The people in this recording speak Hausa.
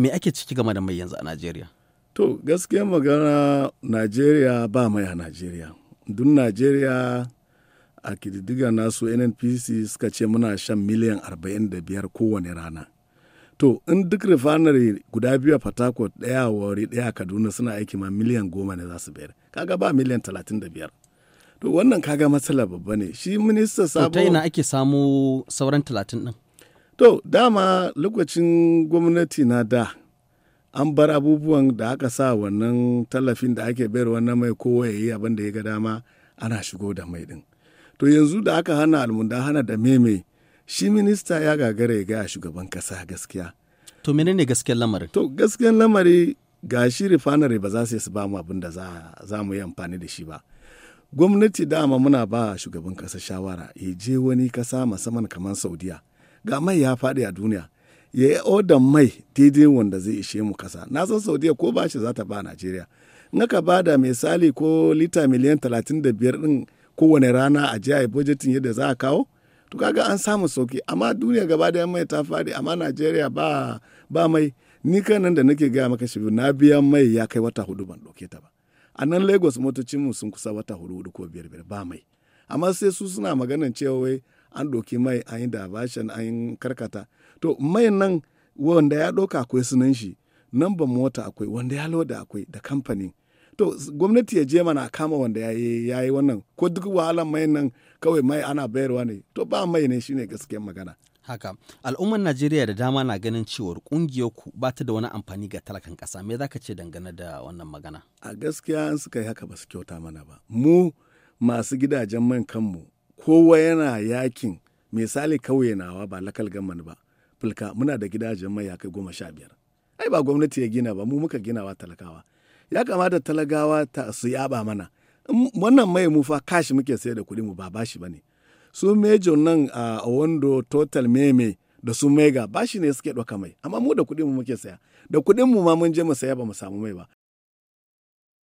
me ake ciki game da mai yanzu a najeriya to gaskiya magana najeriya ba mai a najeriya duk najeriya a kididdiga nasu nnpc suka ce muna shan miliyan 45 kowane rana to in duk rifanari guda biyu a fatakot daya wari daya kaduna suna aiki ma miliyan goma ne za su bayar kaga ba miliyan 35 to wannan kaga matsala babba ne shi minista sabo ta ina ake samu sauran talatin din To, dama lokacin gwamnati na da, an bar abubuwan da aka sa wannan tallafin da ake bayar wannan mai kowa ya yi abin da ya ga dama ana shigo da mai ɗin. To, yanzu da aka hana almunda hana da meme, shi minista ya gagara ya gaya shugaban kasa gaskiya. To, menene gaskiyar lamari? To, gaskiyar lamari ga shi refinery ba za su ba mu abin da za mu yi amfani da shi ba. Gwamnati dama muna ba shugaban kasa shawara, ya je wani kasa musamman kamar Saudiya. ga mai ya faɗi a duniya ya yi odan mai daidai wanda zai ishe mu kasa na san saudiya ko bashi za ta ba najeriya naka ba da misali ko lita miliyan 35 ɗin kowane rana a jiya budgetin yadda za a kawo to kaga an samu sauki amma duniya gaba da mai ta faɗi amma najeriya ba mai ni kanan da nake gaya maka shi na biyan mai ya kai wata hudu ban ɗauke ta ba a nan lagos motocinmu sun kusa wata hudu ko biyar biyar ba mai amma sai su suna maganan cewa wai an ɗauki mai an yi dabashin an yi karkata to mai nan wanda ya ɗauka akwai sunan shi nan ba mota akwai wanda ya loda akwai da kamfani to gwamnati ya je mana kama wanda ya yi wannan ko duk wahalar mai nan kawai mai ana bayarwa ne to ba mai ne shine gaskiyar magana haka al'ummar najeriya da dama na ganin cewar kungiyar ku ba ta da wani amfani ga talakan kasa me zaka ce dangane da wannan magana a gaskiya an suka yi haka ba su kyauta mana ba mu masu gidajen man kanmu kowa yana yakin misali kauye nawa ba lakal gaman ba fulka muna da gidajen mai ya goma sha biyar ai ba gwamnati ya gina ba mu muka ginawa talakawa ya kamata talagawa ta su yaba mana wannan mai mu fa kashi muke sayar da kuɗi mu ba bashi bane su mejo nan a wando total meme da su mega bashi ne suke ɗauka mai amma mu da kuɗin mu muke saya da kuɗin mu ma mun je mu saya ba mu samu mai ba